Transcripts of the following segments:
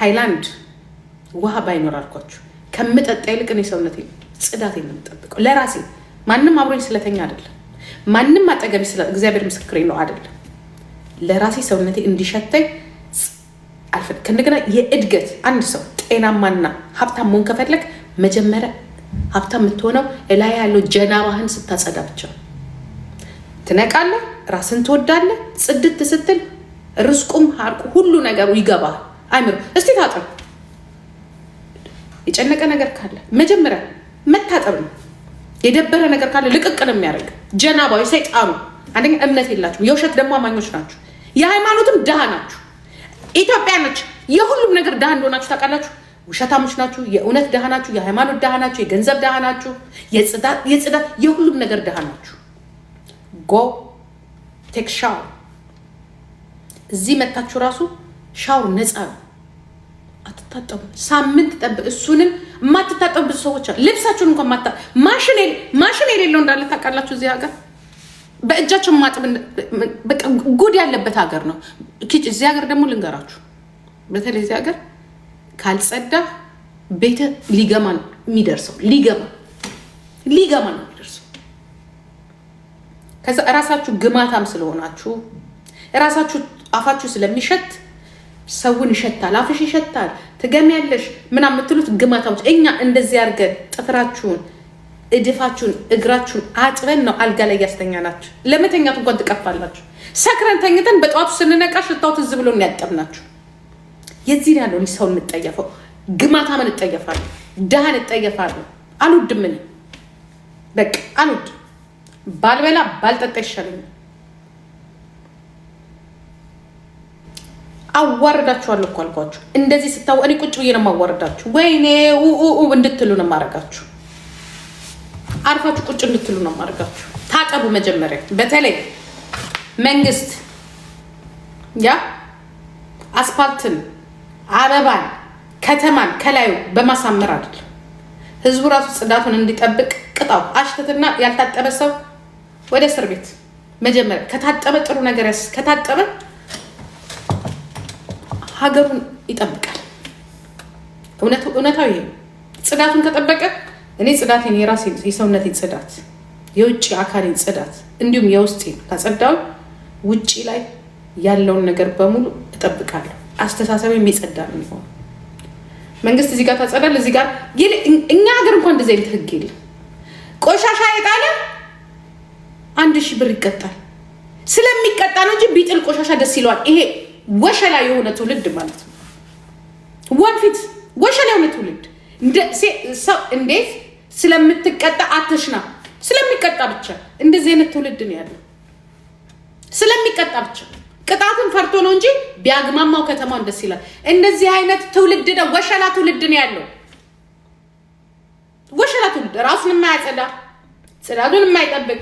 ሃይላንድ ውሃ ባይኖር አልኳችሁ ከምጠጣ ይልቅ እኔ ሰውነት ጽዳት የምጠብቀው ለራሴ ማንም አብሮኝ ስለተኛ አይደለም። ማንም አጠገብ እግዚአብሔር ምስክሬ ነው አይደለም። ለራሴ ሰውነቴ እንዲሸተኝ አልፈል ከእንደገና የእድገት አንድ ሰው ጤናማና ሀብታም መሆን ከፈለግ መጀመሪያ ሀብታም የምትሆነው እላ ያለው ጀናባህን ስታጸዳ ብቻ ትነቃለህ። ራስን ትወዳለህ። ጽድት ስትል ርስቁም ሀርቁ ሁሉ ነገሩ ይገባል። አይምሮ እስቲ ታጠብ። የጨነቀ ነገር ካለ መጀመሪያ መታጠብ ነው። የደበረ ነገር ካለ ልቅቅ ነው የሚያደርግ። ጀናባዊ ሰይጣኑ አንደኛ እምነት የላችሁ፣ የውሸት ደግሞ አማኞች ናችሁ። የሃይማኖትም ድሃ ናችሁ። ነች። የሁሉም ነገር ድሃ እንደሆናችሁ ታውቃላችሁ። ውሸታሞች ናችሁ። የእውነት ድሃ ናችሁ። የሃይማኖት ድሃ ናችሁ። የገንዘብ ድሃ ናችሁ። የጽዳት የሁሉም ነገር ድሃ ናችሁ። ጎ ቴክ ሻወር እዚህ መታችሁ ራሱ ሻወር ነፃ ነው። አትታጠቡ። ሳምንት ጠብ እሱንም የማትታጠቡ ብዙ ሰዎች አሉ። ልብሳችሁን እንኳን ማታ ማሽን የሌለው እንዳለ ታውቃላችሁ። እዚህ ሀገር በእጃቸው ማጥብ ጉድ ያለበት ሀገር ነው። እዚህ ሀገር ደግሞ ልንገራችሁ፣ በተለይ እዚህ ሀገር ካልጸዳ ቤተ ሊገማ ነው የሚደርሰው። ሊገማ ሊገማ ነው የሚደርሰው። ከዛ እራሳችሁ ግማታም ስለሆናችሁ እራሳችሁ አፋችሁ ስለሚሸት ሰውን ይሸታል፣ አፍሽ ይሸታል፣ ትገሚያለሽ ምናምን የምትሉት ግማታዎች። እኛ እንደዚህ አድርገን ጥፍራችሁን፣ እድፋችሁን፣ እግራችሁን አጥበን ነው አልጋ ላይ ያስተኛናችሁ። ለመተኛት እንኳን ትቀፋላችሁ። ሰክረን ተኝተን በጠዋቱ ስንነቃ ሽታው ትዝ ብሎ ያጠብናችሁ። የዚህ ያለው ሰውን እንጠየፈው፣ ግማታም እንጠየፋለን፣ ድሃን እንጠየፋለን። አልወድም እኔ በቃ አልወድም። ባልበላ ባልጠጣ ይሻለኛል። አዋርዳችኋለሁ እኮ አልኳችሁ። እንደዚህ ስታው እኔ ቁጭ ብዬ ነው የማዋርዳችሁ። ወይኔ እንድትሉ ነው የማደርጋችሁ። አርፋችሁ ቁጭ እንድትሉ ነው የማደርጋችሁ። ታጠቡ መጀመሪያ። በተለይ መንግስት ያ አስፓልትን፣ አበባን፣ ከተማን ከላዩ በማሳመር አይደል ህዝቡ ራሱ ጽዳቱን እንዲጠብቅ ቅጣው። አሽተትና ያልታጠበ ሰው ወደ እስር ቤት። መጀመሪያ ከታጠበ ጥሩ ነገር ከታጠበ ሀገሩን ይጠብቃል። እውነታዊ ጽዳቱን ከጠበቀ እኔ ጽዳቴን የራሴ የሰውነቴን ጽዳት የውጭ አካሌን ጽዳት እንዲሁም የውስጤ ካጸዳው ውጭ ላይ ያለውን ነገር በሙሉ እጠብቃለሁ። አስተሳሰብ የሚጸዳ ነው የሚሆኑ መንግስት እዚህ ጋር ታጸዳል፣ እዚህ ጋር እኛ ሀገር እንኳን እንደዚህ አይነት ህግ የለም። ቆሻሻ የጣለ አንድ ሺህ ብር ይቀጣል። ስለሚቀጣ ነው እንጂ ቢጥል ቆሻሻ ደስ ይለዋል ይሄ ወሸላ የሆነ ትውልድ ማለት ነው። ወንፊት ወሸላ የሆነ ትውልድ እንዴት ስለምትቀጣ አትሽና፣ ስለሚቀጣ ብቻ እንደዚህ አይነት ትውልድ ነው ያለው። ስለሚቀጣ ብቻ ቅጣትን ፈርቶ ነው እንጂ ቢያግማማው ከተማውን ደስ ይላል። እንደዚህ አይነት ትውልድ ነው፣ ወሸላ ትውልድ ነው ያለው። ወሸላ ትውልድ ራሱን የማያጸዳ ጽዳቱን የማይጠብቅ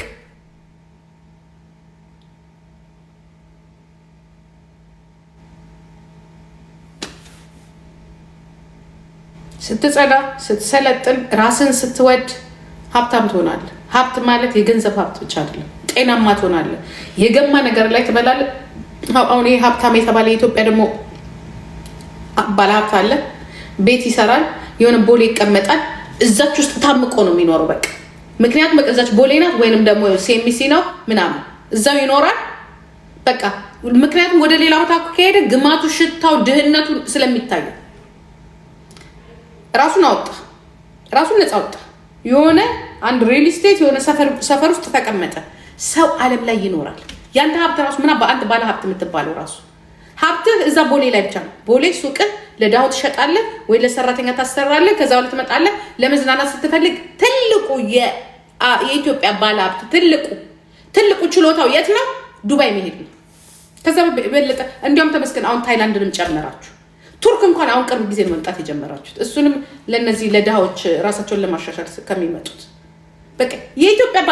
ስትጸዳ፣ ስትሰለጥን፣ ራስን ስትወድ ሀብታም ትሆናለ ሀብት ማለት የገንዘብ ሀብት ብቻ አይደለም። ጤናማ ትሆናለ። የገማ ነገር ላይ ትበላለ። አሁን ይህ ሀብታም የተባለ የኢትዮጵያ ደግሞ ባለ ሀብት አለ። ቤት ይሰራል፣ የሆነ ቦሌ ይቀመጣል። እዛች ውስጥ ታምቆ ነው የሚኖረው። በቃ ምክንያቱም እዛች ቦሌ ናት፣ ወይንም ደግሞ ሴሚሲ ነው ምናምን፣ እዛው ይኖራል። በቃ ምክንያቱም ወደ ሌላ ቦታ ከሄደ ግማቱ፣ ሽታው፣ ድህነቱ ስለሚታየው። ራሱን አወጣ፣ ራሱን ነፃ አወጣ። የሆነ አንድ ሪል ስቴት የሆነ ሰፈር ውስጥ ተቀመጠ። ሰው አለም ላይ ይኖራል። ያንተ ሀብት ራሱ ምና በአንድ ባለ ሀብት የምትባለው ራሱ ሀብትህ እዛ ቦሌ ላይ ብቻ ነው። ቦሌ ሱቅህ ለዳሁ ትሸጣለህ ወይ ለሰራተኛ ታሰራለህ። ከዛ ሁለት ትመጣለህ። ለመዝናናት ስትፈልግ ትልቁ የኢትዮጵያ ባለ ሀብት ትልቁ ትልቁ ችሎታው የት ነው? ዱባይ መሄድ ነው። ከዛ በለጠ እንዲያውም ተመስገን አሁን ታይላንድንም ጨመራችሁ። ቱርክ እንኳን አሁን ቅርብ ጊዜ መምጣት የጀመራችሁት እሱንም ለነዚህ ለድሃዎች ራሳቸውን ለማሻሻል ከሚመጡት በቃ የኢትዮጵያ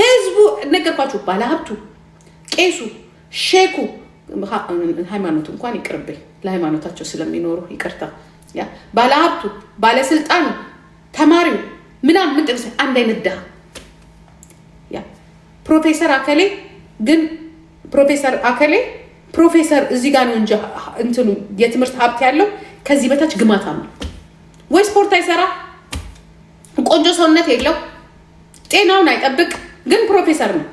ህዝቡ ነገርኳችሁ፣ ባለሀብቱ፣ ቄሱ፣ ሼኩ ሃይማኖት እንኳን ይቅርብኝ፣ ለሃይማኖታቸው ስለሚኖሩ ይቅርታ። ባለሀብቱ፣ ባለስልጣኑ፣ ተማሪው ምናምን ምንጥም አንድ አይነት ድሃ ፕሮፌሰር አከሌ ግን ፕሮፌሰር አከሌ ፕሮፌሰር እዚህ ጋር ነው እንጂ እንትኑ የትምህርት ሀብት ያለው ከዚህ በታች ግማታም ነው ወይ ስፖርት አይሰራ ቆንጆ ሰውነት የለው ጤናውን አይጠብቅ ግን ፕሮፌሰር ነው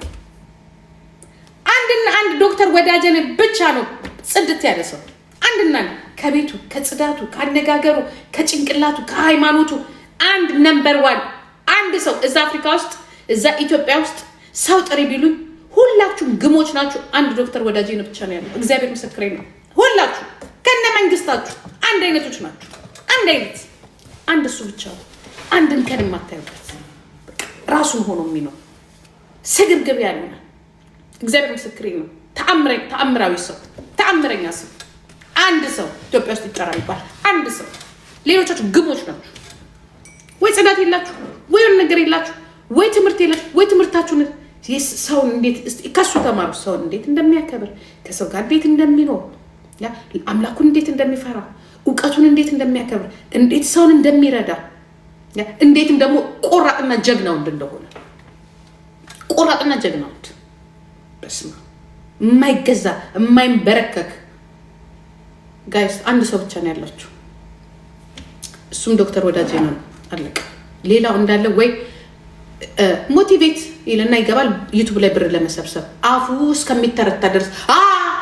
አንድና አንድ ዶክተር ወዳጀን ብቻ ነው ጽድት ያለ ሰው አንድና ከቤቱ ከጽዳቱ ከአነጋገሩ ከጭንቅላቱ ከሃይማኖቱ አንድ ነምበር ዋን አንድ ሰው እዛ አፍሪካ ውስጥ እዛ ኢትዮጵያ ውስጥ ሰው ጥሪ ቢሉኝ ሁላችሁም ግሞች ናችሁ። አንድ ዶክተር ወዳጄ ነው ብቻ ነው ያለው። እግዚአብሔር ምስክሬ ነው። ሁላችሁ ከነ መንግስታችሁ አንድ አይነቶች ናችሁ። አንድ አይነት አንድ እሱ ብቻ ነው። አንድን ከን የማታዩበት ራሱን ሆኖ የሚኖር ስግብግብ ያለ እግዚአብሔር ምስክሬ ነው። ተአምራዊ ሰው፣ ተአምረኛ ሰው፣ አንድ ሰው ኢትዮጵያ ውስጥ ይጠራል ይባል አንድ ሰው። ሌሎቻችሁ ግሞች ናችሁ። ወይ ጽዳት የላችሁ፣ ወይ ነገር የላችሁ፣ ወይ ትምህርት የላችሁ፣ ወይ ነው ሰው እንዴት ከሱ ተማሩ። ሰውን እንዴት እንደሚያከብር ከሰው ጋር እንዴት እንደሚኖር አምላኩን እንዴት እንደሚፈራ እውቀቱን እንዴት እንደሚያከብር እንዴት ሰውን እንደሚረዳ እንዴትም ደግሞ ቆራጥና ጀግና ወንድ እንደሆነ ቆራጥና ጀግና ወንድ የማይገዛ የማይንበረከክ ጋይስ አንድ ሰው ብቻ ነው ያላችሁ። እሱም ዶክተር ወዳጄ ነው። አለቀ። ሌላው እንዳለ ወይ ሞቲቬት ይልና ይገባል ዩቱብ ላይ ብር ለመሰብሰብ አፉ እስከሚተረታ ድረስ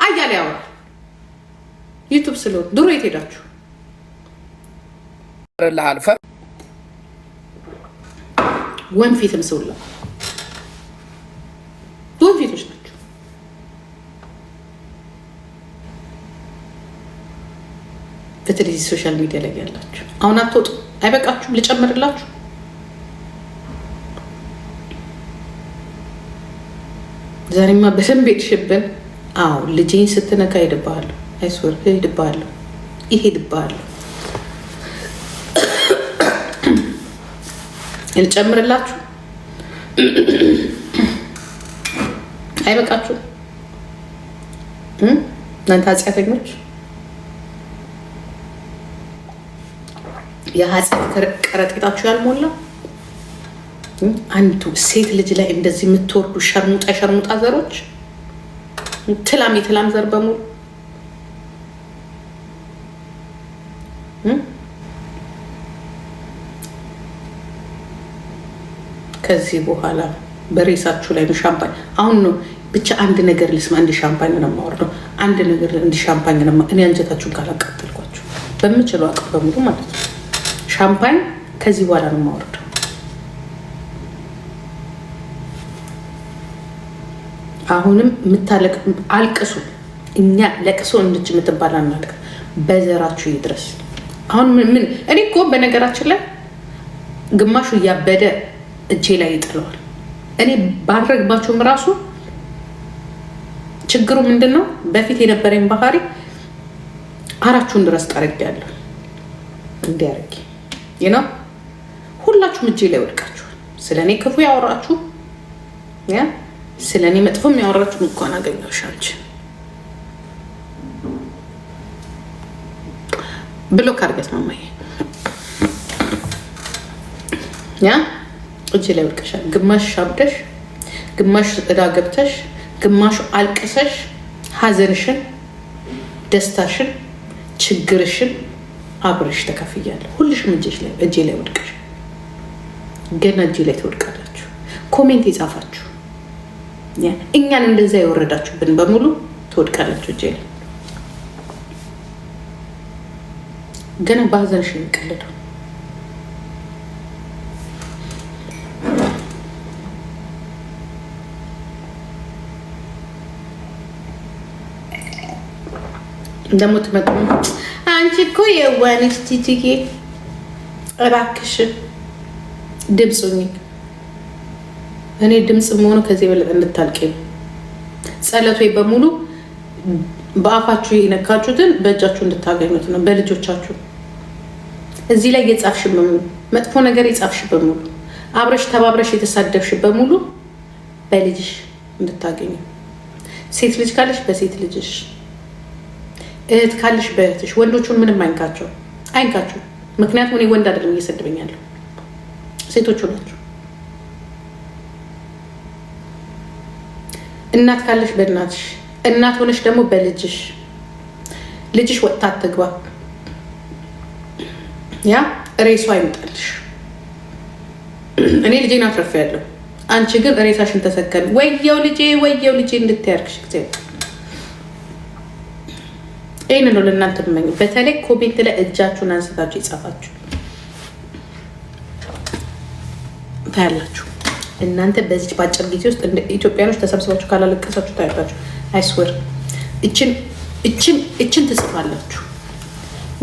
አያሌ ያወራል። ዩቱብ ስለሆነ ድሮ የት ሄዳችሁ ወንፊትም ሰውላ ወንፊቶች ናቸው። በተለይ ሶሻል ሚዲያ ላይ ያላችሁ አሁን አትወጡ አይበቃችሁም? ልጨምርላችሁ ዛሬማ በሰንብ ሄድሽብን። አዎ ልጄን ስትነካ ሄድብሃለሁ። አይስወር ሄድብሃለሁ፣ ይሄድብሃለሁ። ልጨምርላችሁ አይበቃችሁ? እናንተ ኃጢአተኞች የኃጢአት ከረጢታችሁ ያልሞላ አንድ ሴት ልጅ ላይ እንደዚህ የምትወርዱ ሸርሙጣ ሸርሙጣ ዘሮች ትላም የትላም ዘር በሙሉ ከዚህ በኋላ በሬሳችሁ ላይ ሻምፓኝ አሁን ነው ብቻ አንድ ነገር ልስማ። እንዲ ሻምፓኝ ነው የማወርደው። አንድ ነገር እንዲ ሻምፓኝ ነው እኔ አንጀታችሁን ካላቃጠልኳችሁ በምችለው አቅም በሙሉ ማለት ነው ሻምፓኝ ከዚህ በኋላ ነው የማወርደው። አሁንም የምታለቅ አልቅሱ። እኛ ለቅሶ እንድች የምትባል አናልቅ። በዘራችሁ ይድረስ። አሁን ምን እኔ እኮ በነገራችን ላይ ግማሹ እያበደ እጄ ላይ ይጥለዋል። እኔ ባልረግባችሁም ራሱ ችግሩ ምንድን ነው? በፊት የነበረኝ ባህሪ አራችሁን ድረስ ጠርጌያለሁ። እንዲህ አድርጌ ይነው ሁላችሁም እጄ ላይ ወድቃችኋል። ስለ እኔ ክፉ ያወራችሁ ስለ እኔ መጥፎ የሚያወራችሁ እንኳን አገኘሁሽ አንቺ ብሎ ካርገት ማማዬ ያ እጅ ላይ ወድቀሻል። ግማሽ ሻብደሽ፣ ግማሽ እዳ ገብተሽ፣ ግማሹ አልቅሰሽ ሀዘንሽን፣ ደስታሽን፣ ችግርሽን አብረሽ ተከፍያለሁ። ሁልሽም እጄ ላይ ወድቀሽ ገና እጄ ላይ ትወድቃላችሁ። ኮሜንት የጻፋችሁ እኛን እንደዛ የወረዳችሁብን በሙሉ ትወድቃላችሁ። እጄ ገና በሀዘንሽ የሚቀልዱ ደግሞ ትመጡ አንቺ እኮ የዋንስቲትዬ እባክሽን ድምፁኝ እኔ ድምፅ መሆኑ ከዚህ የበለጠ እንድታልቀኝ ጸሎቴ በሙሉ በአፋችሁ የነካችሁትን በእጃችሁ እንድታገኙት ነው። በልጆቻችሁ እዚህ ላይ የጻፍሽ በሙሉ መጥፎ ነገር የጻፍሽ በሙሉ አብረሽ ተባብረሽ የተሳደብሽ በሙሉ በልጅሽ እንድታገኙ። ሴት ልጅ ካለሽ በሴት ልጅሽ፣ እህት ካለሽ በእህትሽ። ወንዶቹን ምንም አይንካቸው አይንካቸው። ምክንያቱም እኔ ወንድ አይደለም እየሰድበኛለሁ፣ ሴቶቹ ናቸው። እናት ካለሽ በእናትሽ እናት ሆነሽ ደግሞ በልጅሽ ልጅሽ ወጥታ አትግባ። ያ ሬሷ አይምጣልሽ። እኔ ልጄን ያለው አንቺ ግን ሬሳሽን ተሰከል ወየው ልጄ ወየው ልጄ እንድትያርግሽ ጊዜ ይህን ነው ለእናንተ መኝ። በተለይ ኮሜንት ላይ እጃችሁን አንስታችሁ ይጻፋችሁ ታያላችሁ። እናንተ በዚች በአጭር ጊዜ ውስጥ ኢትዮጵያኖች ተሰብስባችሁ ካላለቀሳችሁ ታያላችሁ። አይስወር እችን ትጽፋላችሁ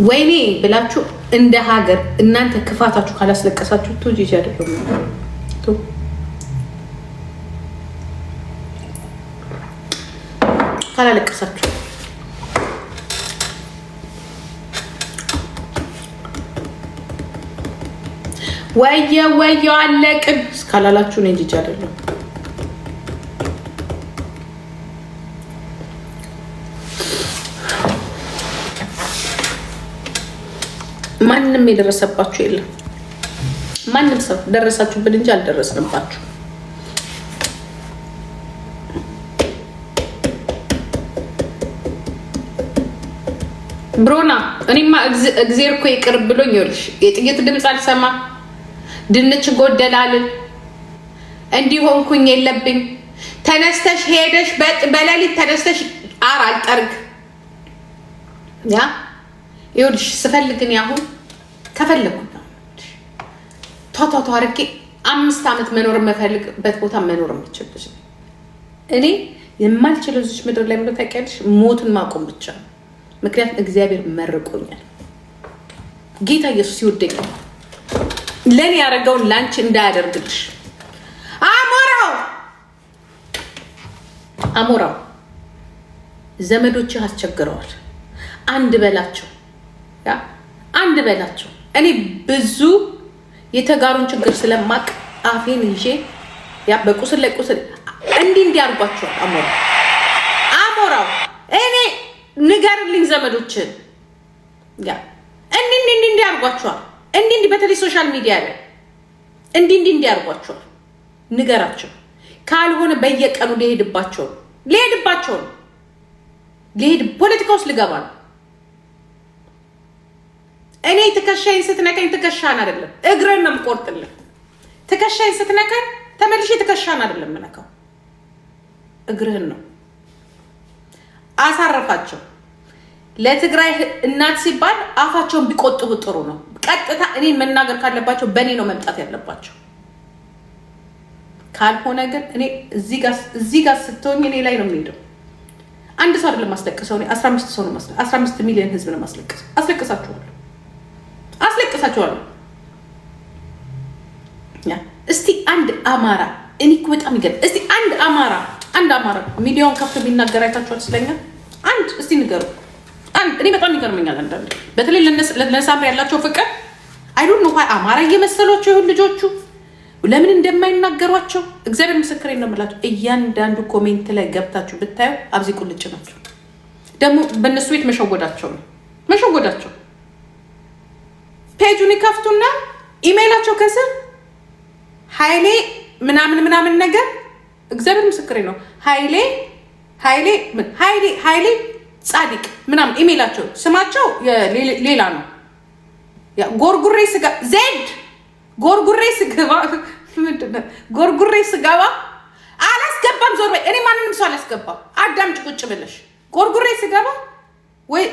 ወይኔ ብላችሁ እንደ ሀገር እናንተ ክፋታችሁ ካላስለቀሳችሁ ቱ ጂጂ ካላለቀሳችሁ ወየ ወየ አለቅን እስካላላችሁ ነው ልጅ አይደለም። ማንም የደረሰባችሁ የለም። ማንም ሰው ደረሳችሁብን እንጂ አልደረስንባችሁ። ብሮና እኔማ እግዜር እኮ ይቅር ብሎኝ ይኸውልሽ የጥይት ድምፅ አልሰማ ድንች ጎደላልን እንዲሆንኩኝ የለብኝ። ተነስተሽ ሄደሽ በሌሊት ተነስተሽ አር አልጠርግ ያ ይኸውልሽ ስፈልግን ያሁን ከፈለጉ ቷቷቷ አድርጌ አምስት ዓመት መኖር የምፈልግበት ቦታ መኖር የምችልሽ እኔ የማልችለው እዚህ ምድር ላይ ምሎ ታውቂያለሽ፣ ሞትን ማቆም ብቻ ምክንያቱም እግዚአብሔር መርቆኛል። ጌታ ኢየሱስ ይወደኛል። ለእኔ ያደረገውን ላንች እንዳያደርግልሽ። አሞራው አሞራው ዘመዶች አስቸግረዋል። አንድ በላቸው፣ አንድ በላቸው። እኔ ብዙ የተጋሩን ችግር ስለማቅ አፌን ይዤ በቁስል ላይ ቁስል እንዲህ እንዲህ አድርጓቸዋል። አሞራው አሞራው እኔ ንገርልኝ ዘመዶችን ያ እንዲህ እንዲህ እንዲህ አድርጓቸዋል። እንዲህ እንዲህ በተለይ ሶሻል ሚዲያ ላይ እንዲህ እንዲህ እንዲያርጓቸዋል። ንገራቸው ካልሆነ በየቀኑ ሊሄድባቸው ነው ሊሄድባቸው ነው ሊሄድ ፖለቲካ ውስጥ ልገባ ነው። እኔ ትከሻዬን ስትነቀኝ ትከሻን አይደለም እግርን ነው የምቆርጥልህ። ትከሻዬን ስትነቀኝ ተመልሼ ትከሻን አይደለም የምነካው እግርህን ነው። አሳረፋቸው። ለትግራይ እናት ሲባል አፋቸውን ቢቆጥቡ ጥሩ ነው። ቀጥታ እኔ መናገር ካለባቸው በእኔ ነው መምጣት ያለባቸው። ካልሆነ ግን እኔ እዚህ ጋር ስትሆኝ እኔ ላይ ነው የሚሄደው። አንድ ሰው አይደለም ማስለቅሰው፣ እኔ አስራ ሰው ነው ማስለቅሰው። አስራ ሚሊዮን ህዝብ ነው ማስለቅሰው። አስለቅሳችኋለሁ፣ አስለቅሳችኋለሁ። እስቲ አንድ አማራ እኔ እኮ በጣም ይገርም። እስቲ አንድ አማራ አንድ አማራ ሚዲያውን ከፍቶ የሚናገር አይታችኋል ስለኛ አንድ እስቲ ንገሩ። እኔ በጣም ይገርመኛል አንዳንድ በተለይ ለነሳምር ያላቸው ፍቅር አይዶን ነው አማራ እየመሰሏቸው ይሁን ልጆቹ ለምን እንደማይናገሯቸው እግዚአብሔር ምስክሬ ነው የምላቸው። እያንዳንዱ ኮሜንት ላይ ገብታችሁ ብታዩ አብዚ ቁልጭ ናቸው። ደግሞ በእነሱ ቤት መሸወዳቸው ነው መሸወዳቸው። ፔጁን ይከፍቱና ኢሜይላቸው ከስር ሀይሌ ምናምን ምናምን ነገር እግዚአብሔር ምስክሬ ነው። ሀይሌ ሀይሌ ሀይሌ ጻዲቅ ምናምን ኢሜይላቸው ስማቸው ሌላ ነው ጎርጉሬ ስጋ ዜድ ጎርጉሬ ስገባ ምንድነው? ጎርጉሬ ስገባ አላስገባም። ዞር በይ። እኔ ማንንም ሰው አላስገባም። አዳምጭ ቁጭ ብለሽ ጎርጉሬ ስገባ ወይ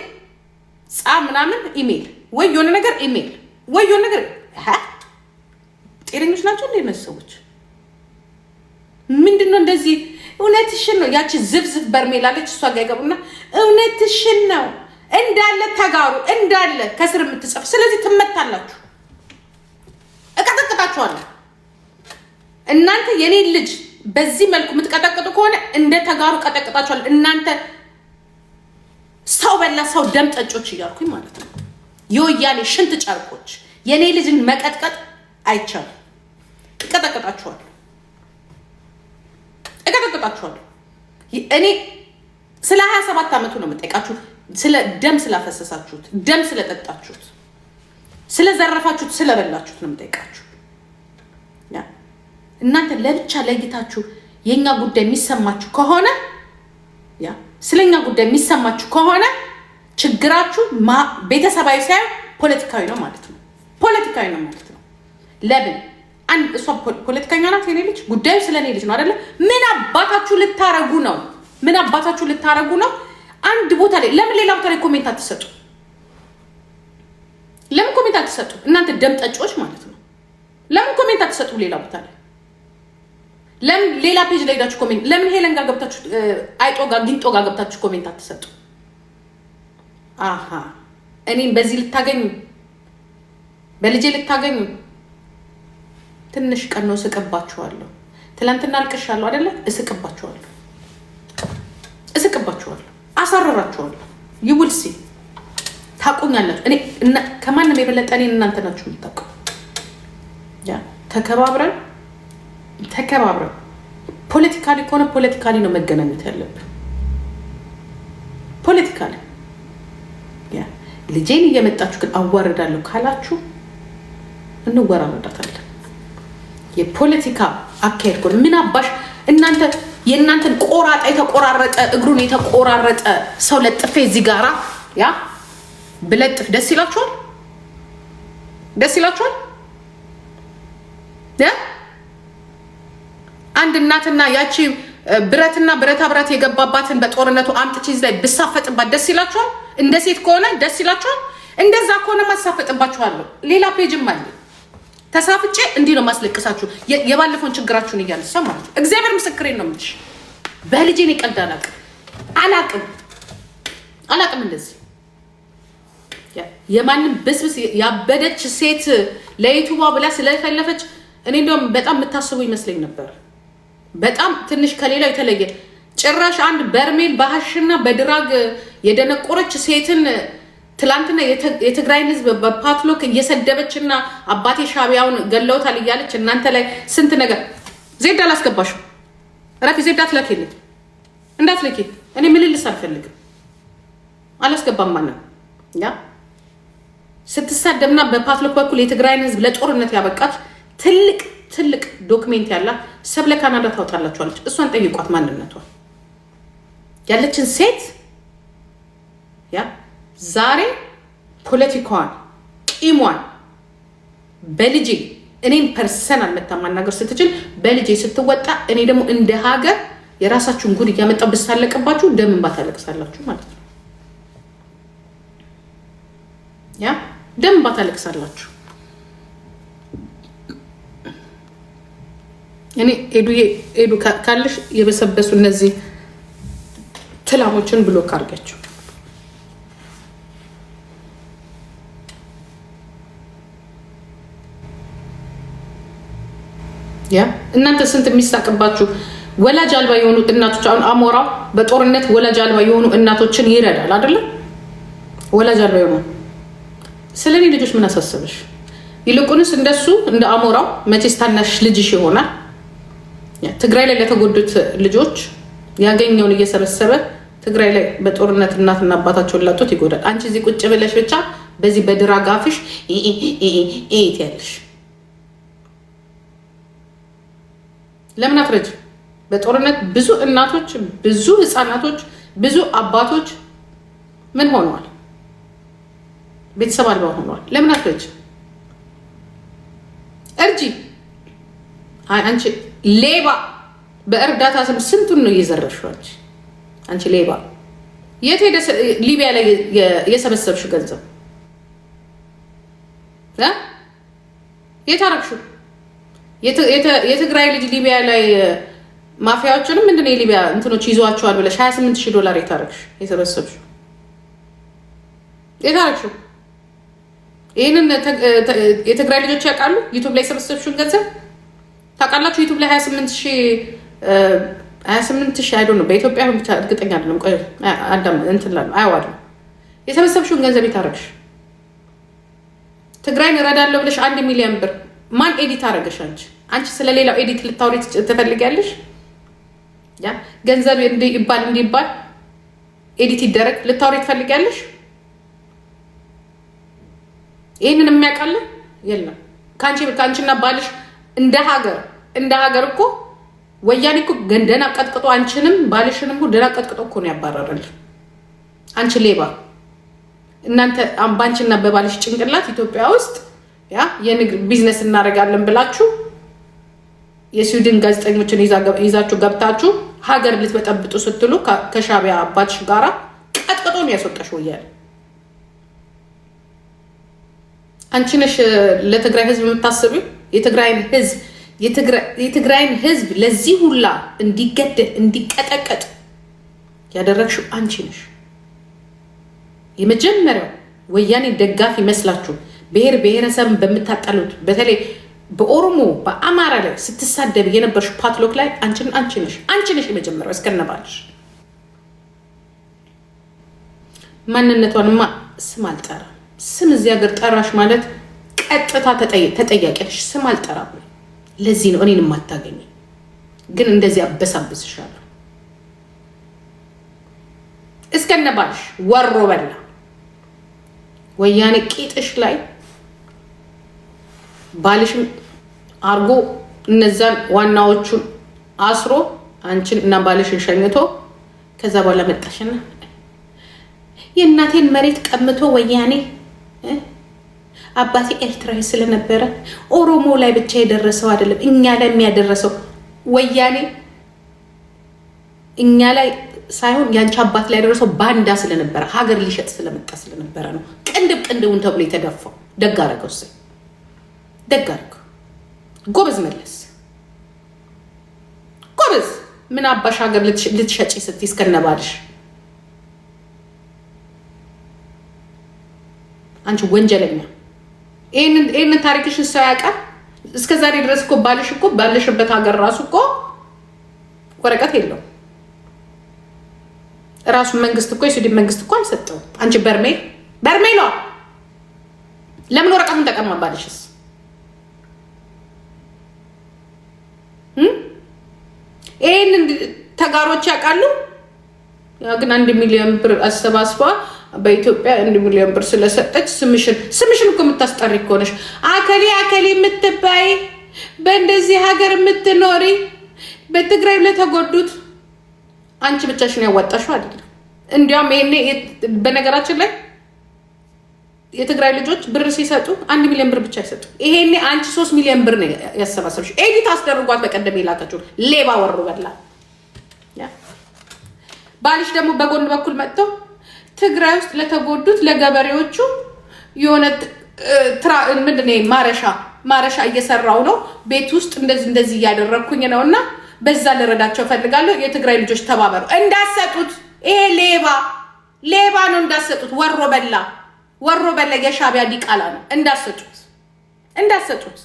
ጻ ምናምን ኢሜል ወይ የሆነ ነገር ኢሜል ወይ የሆነ ነገር ጤነኞች ናቸው እንደ እነዚህ ሰዎች ምንድን ነው እንደዚህ? እውነትሽን ነው ያቺ ዝብዝብ በርሜላለች እሷ ጋ ይገቡና እውነትሽን ነው እንዳለ ተጋሩ እንዳለ ከስር የምትጽፍ ስለዚህ ትመታላችሁ፣ እቀጠቅጣችኋለሁ። እናንተ የኔ ልጅ በዚህ መልኩ የምትቀጠቅጡ ከሆነ እንደ ተጋሩ ቀጠቅጣችኋል። እናንተ ሰው በላ ሰው ደም ጠጮች እያልኩኝ ማለት ነው። የወያኔ ሽንት ጨርቆች የኔ ልጅን መቀጥቀጥ አይቻልም። እቀጠቅጣችኋለሁ፣ እቀጠቅጣችኋለሁ። እኔ ስለ ሀያ ሰባት ዓመቱ ነው የምጠይቃችሁ። ስለ ደም ስላፈሰሳችሁት፣ ደም ስለጠጣችሁት፣ ስለዘረፋችሁት፣ ስለበላችሁት ነው የምጠይቃችሁ። እናንተ ለብቻ ለይታችሁ የእኛ ጉዳይ የሚሰማችሁ ከሆነ ያ ስለኛ ጉዳይ የሚሰማችሁ ከሆነ ችግራችሁ ቤተሰባዊ ሳይሆን ፖለቲካዊ ነው ማለት ነው። ፖለቲካዊ ነው ማለት ነው። ለምን አንድ እሷ ፖለቲከኛ ናት። የኔ ልጅ ጉዳዩ ስለኔ ልጅ ነው አይደለ? ምን አባታችሁ ልታረጉ ነው? ምን አባታችሁ ልታረጉ ነው? አንድ ቦታ ላይ ለምን ሌላ ቦታ ላይ ኮሜንት አትሰጡ? ለምን ኮሜንት አትሰጡ? እናንተ ደም ጠጪዎች ማለት ነው። ለምን ኮሜንት አትሰጡ? ሌላ ቦታ ላይ ለምን ሌላ ፔጅ ላይ ሄዳችሁ ኮሜንት ለምን ሄለን ጋር ገብታችሁ አይጦ ጋር ግንጦ ጋር ገብታችሁ ኮሜንት አትሰጡ? አሃ እኔም በዚህ ልታገኙ በልጄ ልታገኙ ትንሽ ቀን ነው። እስቅባችኋለሁ። ትናንትና አልቅሻለሁ አይደለ? እስቅባችኋለሁ። አሳረራችኋለሁ። ይውልሲ ታቆኛላችሁ። እኔ ከማንም የበለጠ እኔን እናንተ ናችሁ የምታውቁ። ተከባብረን ተከባብረን ፖለቲካሊ ከሆነ ፖለቲካሊ ነው መገናኘት ያለብን። ፖለቲካሊ ልጄን እየመጣችሁ ግን አዋረዳለሁ ካላችሁ እንወራረዳታለን። የፖለቲካ አካሄድ ከሆነ ምን አባሽ እናንተ የእናንተን ቆራጣ የተቆራረጠ እግሩን የተቆራረጠ ሰው ለጥፌ እዚህ ጋራ ያ ብለጥፍ ደስ ይላችኋል? ደስ ይላችኋል? አንድ እናትና ያቺ ብረትና ብረታ ብረት የገባባትን በጦርነቱ አምጥቼ እዚህ ላይ ብሳፈጥባት ደስ ይላችኋል? እንደ ሴት ከሆነ ደስ ይላችኋል? እንደዛ ከሆነ ማሳፈጥባችኋለሁ። ሌላ ፔጅም አለ ተሳፍጬ እንዲህ ነው ማስለቅሳችሁ። የባለፈውን ችግራችሁን እያነሳ ማለት ነው። እግዚአብሔር ምስክሬን ነው የምልሽ። በልጄን እኔ ቀልድ አላቅም አላቅም አላቅም። እንደዚህ የማንም ብስብስ ያበደች ሴት ለዩቱባ ብላ ስለፈለፈች እኔ እንደውም በጣም የምታስቡ ይመስለኝ ነበር። በጣም ትንሽ ከሌላው የተለየ ጭራሽ አንድ በርሜል በሀሽና በድራግ የደነቆረች ሴትን ትላንትና የትግራይን ህዝብ በፓትሎክ እየሰደበች እና አባቴ ሻቢያውን ገለውታል እያለች እናንተ ላይ ስንት ነገር ዜድ አላስገባሽም። እረፊ ዜድ አትለኪልኝ እንዳትለኪ። እኔ ምልልስ አልፈልግም፣ አላስገባም። ማለት ያ ስትሳደብና በፓትሎክ በኩል የትግራይን ህዝብ ለጦርነት ያበቃች ትልቅ ትልቅ ዶክሜንት ያላት ሰብለ ካናዳ ታውጣላችኋለች። እሷን ጠይቋት ማንነቷ? ያለችን ሴት ያ ዛሬ ፖለቲካዋን ቂሟን በልጄ እኔን ፐርሰናል መታ ማናገር ስትችል በልጄ ስትወጣ እኔ ደግሞ እንደ ሀገር የራሳችሁን ጉድ እያመጣ ብሳለቅባችሁ ደምን ባታለቅሳላችሁ ማለት ነው። ያ ደምን ባታለቅሳላችሁ። እኔ ኤዱዬ ኤዱ ካለሽ የበሰበሱ እነዚህ ትላሞችን ብሎክ አድርጋቸው። እናንተ ስንት የሚሳቅባችሁ ወላጅ አልባ የሆኑ እናቶች አሁን አሞራው በጦርነት ወላጅ አልባ የሆኑ እናቶችን ይረዳል አይደለም? ወላጅ አልባ የሆኑ ስለ እኔ ልጆች ምን አሳሰበሽ? ይልቁንስ እንደሱ እንደ አሞራው መቼስ ታናሽ ልጅሽ ይሆናል። ትግራይ ላይ ለተጎዱት ልጆች ያገኘውን እየሰበሰበ ትግራይ ላይ በጦርነት እናትና አባታቸውን ላጡት ይጎዳል። አንቺ እዚህ ቁጭ ብለሽ ብቻ በዚህ በድራጋፍሽ ያለሽ ለምን አፍረጅ? በጦርነት ብዙ እናቶች፣ ብዙ ህፃናቶች፣ ብዙ አባቶች ምን ሆኗል? ቤተሰብ አልባ ሆኗል። ለምን አትረጅ? እርጂ። አንቺ ሌባ፣ በእርዳታ ስም ስንቱን ነው እየዘረፍሽው? አንቺ ሌባ፣ የት ሄደ ሊቢያ ላይ የሰበሰብሽው ገንዘብ የት አረግሽው? የትግራይ ልጅ ሊቢያ ላይ ማፊያዎችንም ምንድን የሊቢያ እንትኖች ይዟቸዋል ብለሽ 28 ሺህ ዶላር የታረግሽ የሰበሰብሽው ይህንን የትግራይ ልጆች ያውቃሉ። ዩቱብ ላይ የሰበሰብሽውን ገንዘብ ታውቃላችሁ። ዩቱብ ላይ 28 ሺህ 28 ሺህ አይዶ ነው በኢትዮጵያ ብቻ እርግጠኛ አይደለም። ቆይ አዳም እንትን ላሉ አየዋለሁ። የሰበሰብሽውን ገንዘብ የታረግሽ ትግራይን እረዳለሁ ብለሽ አንድ ሚሊዮን ብር ማን ኤዲት አደረገሽ? አንቺ አንቺ ስለሌላው ኤዲት ልታውሪ ትፈልጊያለሽ? ያ ገንዘብ ይባል እንዲባል ኤዲት ይደረግ ልታውሪ ትፈልጊያለሽ? ይህንን የሚያውቃለ የለም። ከአንቺ ከአንቺና ባልሽ እንደ ሀገር እንደ ሀገር እኮ ወያኔ እኮ ገንደና ቀጥቅጦ አንቺንም ባልሽንም ደና ቀጥቅጦ እኮ ነው ያባረራል። አንቺ ሌባ! እናንተ በአንቺና በባልሽ ጭንቅላት ኢትዮጵያ ውስጥ ያ የንግድ ቢዝነስ እናደርጋለን ብላችሁ የስዊድን ጋዜጠኞችን ይዛችሁ ገብታችሁ ሀገር ልትበጠብጡ ስትሉ ከሻቢያ አባትሽ ጋራ ቀጥቅጦ ነው ያስወጣሽው እያለ አንቺ ነሽ ለትግራይ ህዝብ የምታስቢው። የትግራይን ህዝብ የትግራይን ህዝብ ለዚህ ሁላ እንዲገደል እንዲቀጠቀጥ ያደረግሽው አንቺ ነሽ። የመጀመሪያው ወያኔ ደጋፊ ይመስላችሁ ብሔር ብሔረሰብ በምታጣሉት በተለይ በኦሮሞ በአማራ ላይ ስትሳደብ የነበርሽ ፓትሎክ ላይ አንቺን አንቺ ነሽ አንቺ ነሽ የመጀመሪያው እስከነባልሽ ማንነቷንማ ስም አልጠራ ስም እዚህ ሀገር ጠራሽ ማለት ቀጥታ ተጠያቂ ነሽ። ስም አልጠራም። ለዚህ ነው እኔን የማታገኝ። ግን እንደዚህ አበሳብስሻለሁ እስከነባልሽ ወሮ በላ ወያኔ ቂጥሽ ላይ ባልሽም አርጎ እነዛን ዋናዎቹን አስሮ አንቺን እና ባልሽን ሸኝቶ ከዛ በኋላ መጣሽና የእናቴን መሬት ቀምቶ ወያኔ አባቴ ኤርትራዊ ስለነበረ ኦሮሞ ላይ ብቻ የደረሰው አይደለም፣ እኛ ላይ የሚያደረሰው ወያኔ እኛ ላይ ሳይሆን ያንቺ አባት ላይ የደረሰው ባንዳ ስለነበረ ሀገር ሊሸጥ ስለመጣ ስለነበረ ነው። ቅንድብ ቅንድቡን ተብሎ የተደፋው ደግ አደረገው። ደግ ጎበዝ መለስ ጎበዝ። ምን አባሽ ሀገር ልትሸጪ ስት እስከነባልሽ አንቺ ወንጀለኛ ይህንን ታሪክሽን ሰው ያውቃል። እስከ ዛሬ ድረስ እኮ ባልሽ እኮ ባለሽበት ሀገር ራሱ እኮ ወረቀት የለውም። ራሱ መንግስት እኮ የሱዲን መንግስት እኮ አልሰጠው አንቺ በርሜል በርሜሏ ለምን ወረቀቱን ተቀማ ባልሽስ? ይሄን ተጋሮች ያውቃሉ። ግን አንድ ሚሊዮን ብር አሰባስባ በኢትዮጵያ አንድ ሚሊዮን ብር ስለሰጠች ስምሽን ስምሽን እኮ የምታስጠሪ ከሆነች አከሌ አከሌ የምትባይ በእንደዚህ ሀገር የምትኖሪ በትግራይ ለተጎዱት አንቺ ብቻሽን ያዋጣሽው አይደለም። እንዲያውም ይሄኔ በነገራችን ላይ የትግራይ ልጆች ብር ሲሰጡ አንድ ሚሊዮን ብር ብቻ አይሰጡ። ይሄኔ አንቺ ሶስት ሚሊዮን ብር ነው ያሰባሰብሽ። ኤዲት አስደርጓት በቀደም የላከችው ሌባ ወሩ በላ። ባልሽ ደግሞ በጎን በኩል መጥተው ትግራይ ውስጥ ለተጎዱት ለገበሬዎቹ የሆነ ምንድን ማረሻ ማረሻ እየሰራው ነው ቤት ውስጥ እንደዚህ እንደዚህ እያደረግኩኝ ነው እና በዛ ልረዳቸው እፈልጋለሁ። የትግራይ ልጆች ተባበሩ። እንዳሰጡት ይሄ ሌባ ሌባ ነው። እንዳሰጡት ወሮ በላ ወሮ በለገ የሻቢያ ዲቃላ ነው። እንዳሰጡት እንዳሰጡት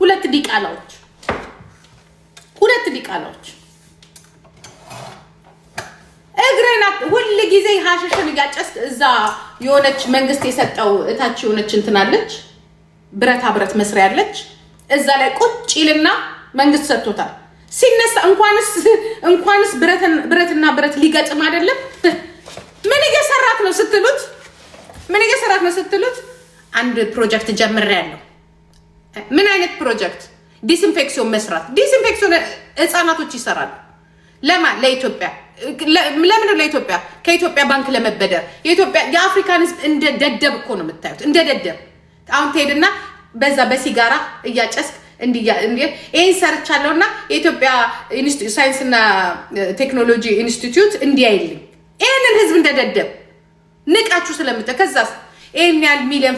ሁለት ዲቃላዎች ሁለት ዲቃላዎች እግረና ሁል ጊዜ ሀሽሽን እያጨስ እዛ የሆነች መንግስት የሰጠው እታች የሆነች እንትናለች ብረታ ብረት መስሪያ ያለች እዛ ላይ ቁጭ ይልና መንግስት ሰጥቶታል። ሲነሳ እንኳንስ እንኳንስ ብረትና ብረት ሊገጥም አይደለም ምን እየሰራት ነው ስትሉት ምን እየሰራት ነው ስትሉት አንድ ፕሮጀክት ጀምሬያለሁ። ምን አይነት ፕሮጀክት? ዲስኢንፌክሲዮን መስራት። ዲስኢንፌክሲዮን ህፃናቶች ይሰራሉ። ለማ ለኢትዮጵያ ለምን ለኢትዮጵያ ከኢትዮጵያ ባንክ ለመበደር የኢትዮጵያ የአፍሪካን ህዝብ እንደ ደደብ እኮ ነው የምታዩት። እንደ ደደብ አሁን ትሄድና በዛ በሲጋራ እያጨስክ ይህን ሰርቻለሁና የኢትዮጵያ ሳይንስና ቴክኖሎጂ ኢንስቲትዩት እንዲያይልኝ ይህንን ህዝብ እንደደደብ ንቃችሁ ስለምጠ ከዛ ይህን ያህል ሚሊዮን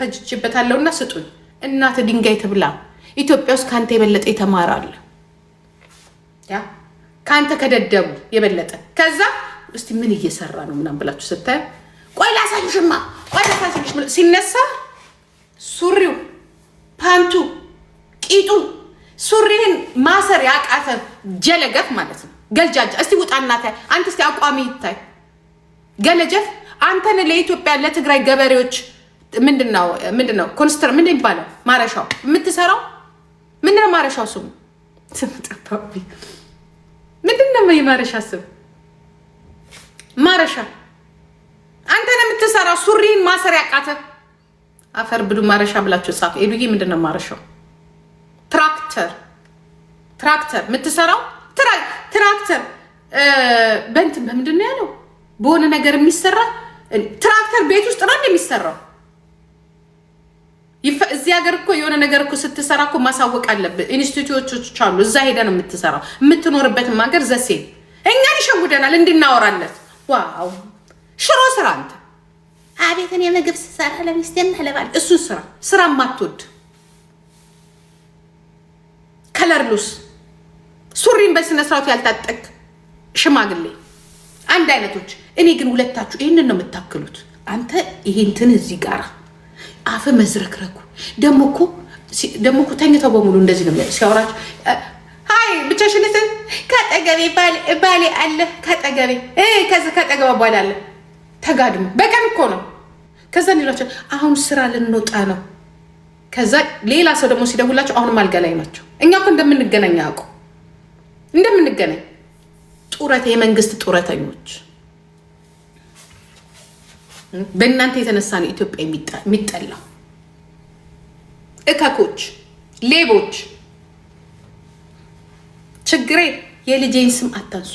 ፈጅችበታለሁና ስጡኝ። እናት ድንጋይ ትብላ። ኢትዮጵያ ውስጥ ከአንተ የበለጠ የተማራለ ከአንተ ከደደቡ የበለጠ ከዛ እስቲ ምን እየሰራ ነው ምናምን ብላችሁ ስታዩ ቆይ ላሳይሽማ፣ ቆይ ላሳይሽ ሲነሳ ሱሪው፣ ፓንቱ፣ ቂጡ ሱሪህን ማሰር ያቃተ ጀለገፍ ማለት ነው። ገልጃጃ እስቲ ውጣ እናታ አንተ እስቲ አቋሚ ይታይ ገለጀፍ አንተን ለኢትዮጵያ ለትግራይ ገበሬዎች ምንድነው ምንድነው ኮንስትር ምን ይባላል ማረሻው የምትሰራው ምንድነው ማረሻው ስሙ ምንድነው የማረሻ ስም ማረሻ አንተን የምትሰራው ሱሪን ማሰር ያቃተ አፈር ብዱ ማረሻ ብላችሁ ጻፍ ኤዱዬ ምንድነው ማረሻው ትራክተር ትራክተር የምትሰራው ትራክተር በእንትን በምንድነው ያለው በሆነ ነገር የሚሰራ ትራክተር ቤት ውስጥ ነው እንደሚሰራው። እዚህ ሀገር እኮ የሆነ ነገር እኮ ስትሰራ እኮ ማሳወቅ አለብን። ኢንስቲትዩቶች አሉ፣ እዛ ሄደ ነው የምትሰራው። የምትኖርበትም ሀገር ዘሴ እኛን ይሸውደናል እንድናወራለት። ዋው ሽሮ ስራ አንተ አቤት! እኔ ምግብ ስሰራ ለሚስቴና ለባል እሱን ስራ ስራ ማትወድ ከለርሉስ ሱሪን በስነስርዓቱ ያልታጠቅ ሽማግሌ አንድ አይነቶች። እኔ ግን ሁለታችሁ ይህንን ነው የምታክሉት። አንተ ይሄንትን እዚህ ጋር አፈ መዝረክረኩ ደሞ እኮ እኮ ተኝተው በሙሉ እንደዚህ ነው ሲያወራችሁ። ሀይ ብቻሽን እንትን ከጠገቤ ባሌ አለ ከጠገቤ ከዚ ከጠገበ በኋላ አለ ተጋድሞ በቀን እኮ ነው። ከዛ ሌላቸው አሁን ስራ ልንወጣ ነው። ከዛ ሌላ ሰው ደግሞ ሲደውላቸው አሁንም አልገናኝ ናቸው። እኛ እኮ እንደምንገናኝ አያውቁ እንደምንገናኝ ጡረታ የመንግስት ጡረተኞች በእናንተ የተነሳ ነው ኢትዮጵያ የሚጠላው። እከኮች፣ ሌቦች። ችግሬ የልጄን ስም አታንሱ።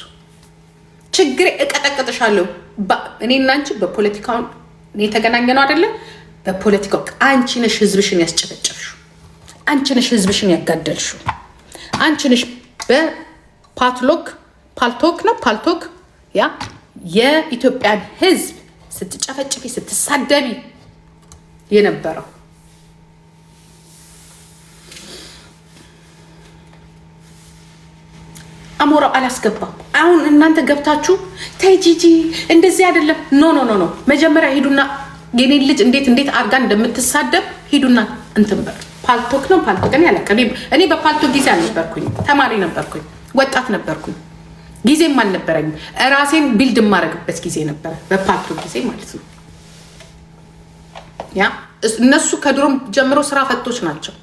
ችግሬ እቀጠቀጥሻለሁ። እኔ እናንቺ በፖለቲካውን እኔ የተገናኘ ነው አደለ? በፖለቲካው አንቺ ነሽ ህዝብሽን ያስጨበጨብሽው። አንቺ ነሽ ህዝብሽን ያጋደልሽው። አንቺ ነሽ በፓትሎክ ፓልቶክ ነው ፓልቶክ ያ የኢትዮጵያን ህዝብ ስትጨፈጭፊ ስትሳደቢ የነበረው አሞራው አላስገባም። አሁን እናንተ ገብታችሁ ተጂጂ እንደዚህ አይደለም። ኖ ኖ ኖ ኖ መጀመሪያ ሂዱና የኔ ልጅ እንዴት እንዴት አድርጋ እንደምትሳደብ ሂዱና እንትን በል። ፓልቶክ ነው ፓልቶክ። እኔ በፓልቶክ ጊዜ አልነበርኩኝ፣ ተማሪ ነበርኩኝ፣ ወጣት ነበርኩኝ። ጊዜም አልነበረኝም። እራሴን ቢልድ የማደርግበት ጊዜ ነበረ፣ በፓርቶ ጊዜ ማለት ነው። ያ እነሱ ከድሮም ጀምሮ ስራ ፈቶች ናቸው።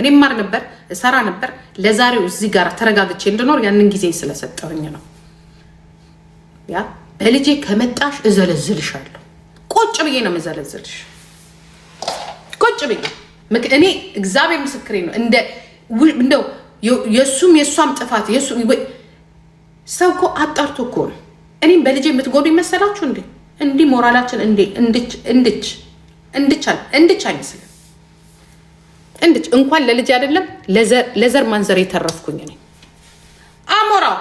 እኔ ማር ነበር፣ እሰራ ነበር። ለዛሬው እዚህ ጋር ተረጋግቼ እንድኖር ያንን ጊዜ ስለሰጠሁኝ ነው። ያ በልጄ ከመጣሽ እዘለዝልሻለሁ። ቁጭ ብዬ ነው የምዘለዝልሽ፣ ቁጭ ብዬ እኔ እግዚአብሔር ምስክሬ ነው። እንደው የእሱም የእሷም ጥፋት ሰው እኮ አጣርቶ እኮ ነው። እኔም በልጅ የምትጎዱ ይመሰላችሁ እንዴ? እንዲህ ሞራላችን እንዴ እንድች እንድች እንድች አይመስልም። እንድች እንኳን ለልጅ አይደለም ለዘር ማንዘር የተረፍኩኝ እኔ። አሞራው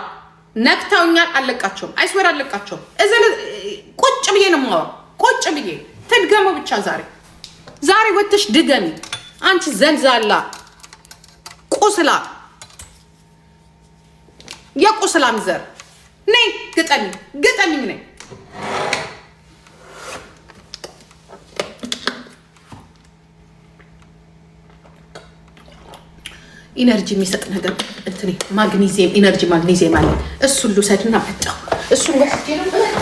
ነክተውኛል። አለቃቸውም አይስወር አለቃቸውም። እዚ ቁጭ ብዬ ነው የማወራው። ቁጭ ብዬ ትድገመው ብቻ። ዛሬ ዛሬ ወጥሽ ድገሚ አንቺ ዘንዛላ ቁስላ የቁስላም ዘር ነይ ግጠሚ ግጠሚም ነይ ኢነርጂ የሚሰጥ ነገር እንትኔ ማግኒዚየም ኢነርጂ ማግኒዚየም አለ። እሱን ልውሰድና መጣሁ እሱን ወስጄ ነው